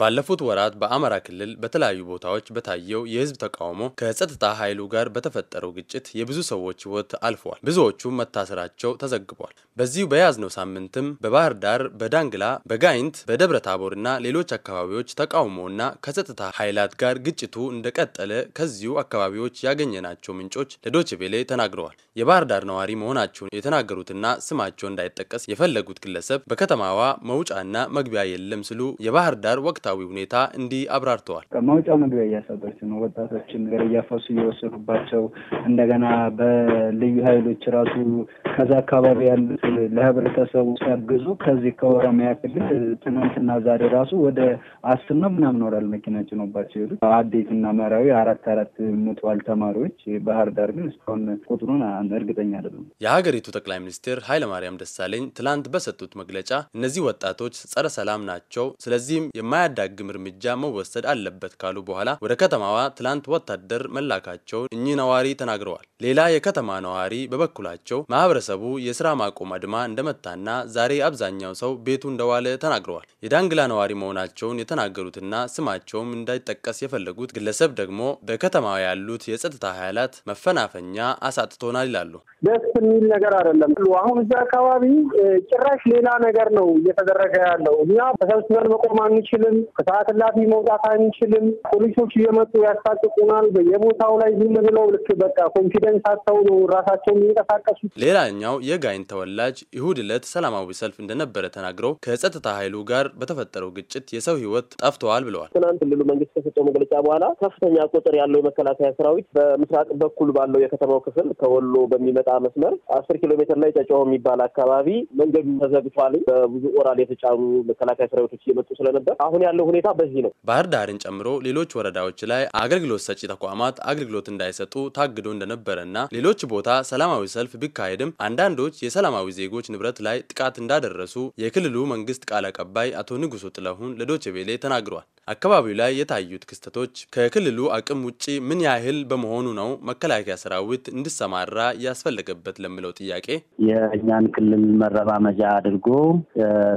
ባለፉት ወራት በአማራ ክልል በተለያዩ ቦታዎች በታየው የህዝብ ተቃውሞ ከጸጥታ ኃይሉ ጋር በተፈጠረው ግጭት የብዙ ሰዎች ህይወት አልፈዋል፣ ብዙዎቹ መታሰራቸው ተዘግቧል። በዚሁ በያዝነው ሳምንትም በባህር ዳር፣ በዳንግላ፣ በጋይንት፣ በደብረ እና ሌሎች አካባቢዎች ተቃውሞና ከጸጥታ ኃይላት ጋር ግጭቱ እንደቀጠለ ከዚሁ አካባቢዎች ያገኘናቸው ምንጮች ለዶችቬሌ ተናግረዋል። የባህር ዳር ነዋሪ መሆናቸውን የተናገሩትና ስማቸው እንዳይጠቀስ የፈለጉት ግለሰብ በከተማዋ መውጫና መግቢያ የለም ሲሉ የባህር ዳር ወቅት ወቅታዊ ሁኔታ እንዲህ አብራርተዋል። መውጫ መግቢያ እያሳጣች ነው። ወጣቶችን ነገር እያፈሱ እየወሰዱባቸው እንደገና በልዩ ኃይሎች ራሱ ከዛ አካባቢ ያሉ ለህብረተሰቡ ሲያግዙ ከዚህ ከኦሮሚያ ክልል ትናንትና ዛሬ ራሱ ወደ አስር ነው ምናምን ወራል መኪና ጭኖባቸው አዴት አዴትና መራዊ አራት አራት ሞተዋል ተማሪዎች። ባህር ዳር ግን እስካሁን ቁጥሩን እርግጠኛ አይደለም። የሀገሪቱ ጠቅላይ ሚኒስትር ኃይለማርያም ደሳለኝ ትላንት በሰጡት መግለጫ እነዚህ ወጣቶች ጸረ ሰላም ናቸው፣ ስለዚህም የማያ ዳግም እርምጃ መወሰድ አለበት ካሉ በኋላ ወደ ከተማዋ ትላንት ወታደር መላካቸውን እኚህ ነዋሪ ተናግረዋል። ሌላ የከተማ ነዋሪ በበኩላቸው ማህበረሰቡ የስራ ማቆም አድማ እንደመታና ዛሬ አብዛኛው ሰው ቤቱ እንደዋለ ተናግረዋል። የዳንግላ ነዋሪ መሆናቸውን የተናገሩትና ስማቸውም እንዳይጠቀስ የፈለጉት ግለሰብ ደግሞ በከተማዋ ያሉት የጸጥታ ኃይላት መፈናፈኛ አሳጥቶናል ይላሉ። ደስ የሚል ነገር አይደለም። አሁን እዚያ አካባቢ ጭራሽ ሌላ ነገር ነው እየተደረገ ያለው። እኛ ተሰብስበን መቆም አንችልም። ከሰዓት እላፊ መውጣት አንችልም። ፖሊሶች እየመጡ ያስታቅቁናል። በየቦታው ላይ ዝም ብለው ልክ በቃ ኮንፊደንስ አተው ነው ራሳቸውን የሚንቀሳቀሱ። ሌላኛው የጋይን ተወላጅ ይሁድ ዕለት ሰላማዊ ሰልፍ እንደነበረ ተናግረው ከጸጥታ ኃይሉ ጋር በተፈጠረው ግጭት የሰው ሕይወት ጠፍተዋል ብለዋል። ትናንት ክልሉ መንግስት ከሰጠው መግለጫ በኋላ ከፍተኛ ቁጥር ያለው የመከላከያ ሰራዊት በምስራቅ በኩል ባለው የከተማው ክፍል ከወሎ በሚመጣ መስመር አስር ኪሎ ሜትር ላይ ጨጨሆ የሚባል አካባቢ መንገዱ ተዘግቷል። በብዙ ኦራል የተጫኑ መከላከያ ሰራዊቶች እየመጡ ስለነበር አሁን ያለው ሁኔታ በዚህ ነው። ባህር ዳርን ጨምሮ ሌሎች ወረዳዎች ላይ አገልግሎት ሰጪ ተቋማት አገልግሎት እንዳይሰጡ ታግዶ እንደነበረና ሌሎች ቦታ ሰላማዊ ሰልፍ ቢካሄድም አንዳንዶች የሰላማዊ ዜጎች ንብረት ላይ ጥቃት እንዳደረሱ የክልሉ መንግስት ቃል አቀባይ አቶ ንጉሱ ጥለሁን ለዶቼ ቬሌ ተናግሯል። አካባቢው ላይ የታዩት ክስተቶች ከክልሉ አቅም ውጪ ምን ያህል በመሆኑ ነው መከላከያ ሰራዊት እንዲሰማራ ያስፈለገበት ለሚለው ጥያቄ የእኛን ክልል መረማመጃ አድርጎ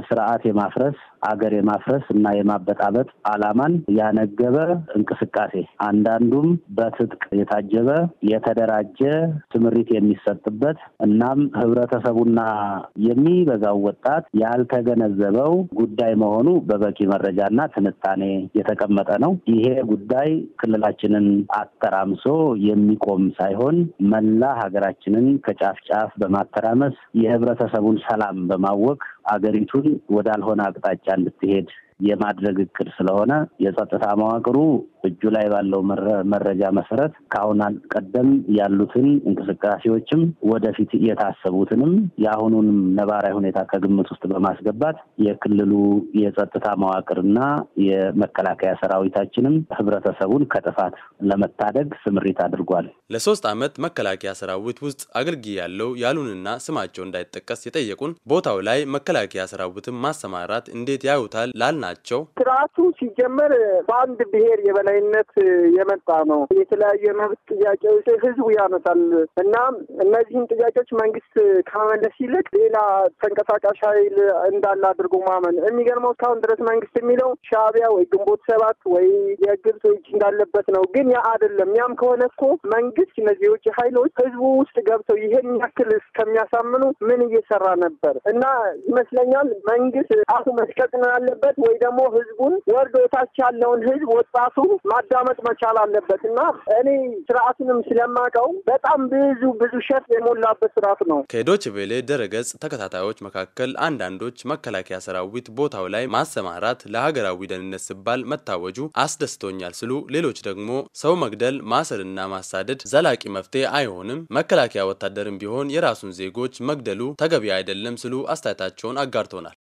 ስርዓት የማፍረስ አገር የማፍረስ እና የማበጣበጥ አላማን ያነገበ እንቅስቃሴ አንዳንዱም በትጥቅ የታጀበ የተደራጀ ትምሪት የሚሰጥበት እናም ህብረተሰቡና የሚበዛው ወጣት ያልተገነዘበው ጉዳይ መሆኑ በበቂ መረጃና ትንታኔ የተቀመጠ ነው። ይሄ ጉዳይ ክልላችንን አተራምሶ የሚቆም ሳይሆን መላ ሀገራችንን ከጫፍ ጫፍ በማተራመስ የህብረተሰቡን ሰላም በማወክ አገሪቱን ወዳልሆነ አቅጣጫ እንድትሄድ የማድረግ እቅድ ስለሆነ የጸጥታ መዋቅሩ እጁ ላይ ባለው መረጃ መሰረት ከአሁን ቀደም ያሉትን እንቅስቃሴዎችም ወደፊት የታሰቡትንም የአሁኑንም ነባራዊ ሁኔታ ከግምት ውስጥ በማስገባት የክልሉ የጸጥታ መዋቅርና የመከላከያ ሰራዊታችንም ህብረተሰቡን ከጥፋት ለመታደግ ስምሪት አድርጓል። ለሶስት ዓመት መከላከያ ሰራዊት ውስጥ አገልግ ያለው ያሉንና ስማቸው እንዳይጠቀስ የጠየቁን ቦታው ላይ መከላከያ ሰራዊትን ማሰማራት እንዴት ያዩታል ላልናቸው ስርዓቱ ሲጀመር በአንድ ብሔር የበለ በላይነት የመጣ ነው። የተለያዩ የመብት ጥያቄዎች ህዝቡ ያነሳል እና እነዚህን ጥያቄዎች መንግስት ከመመለስ ይልቅ ሌላ ተንቀሳቃሽ ኃይል እንዳለ አድርጎ ማመን የሚገርመው እስካሁን ድረስ መንግስት የሚለው ሻቢያ ወይ ግንቦት ሰባት ወይ የግብጽ እጅ እንዳለበት ነው። ግን ያ አይደለም። ያም ከሆነ እኮ መንግስት እነዚህ የውጭ ኃይሎች ህዝቡ ውስጥ ገብተው ይህን ያክል እስከሚያሳምኑ ምን እየሰራ ነበር? እና ይመስለኛል መንግስት አሁ መስቀጥ ነው ያለበት ወይ ደግሞ ህዝቡን ወርዶ ታች ያለውን ህዝብ ወጣቱ ማዳመጥ መቻል አለበት እና እኔ ስርዓቱንም ስለማውቀው በጣም ብዙ ብዙ ሸፍ የሞላበት ስርዓት ነው። ከዶች ቬሌ ድረገጽ ተከታታዮች መካከል አንዳንዶች መከላከያ ሰራዊት ቦታው ላይ ማሰማራት ለሀገራዊ ደህንነት ሲባል መታወጁ አስደስቶኛል ስሉ ሌሎች ደግሞ ሰው መግደል ማሰርና ማሳደድ ዘላቂ መፍትሄ አይሆንም፣ መከላከያ ወታደርም ቢሆን የራሱን ዜጎች መግደሉ ተገቢ አይደለም ስሉ አስተያየታቸውን አጋርቶናል።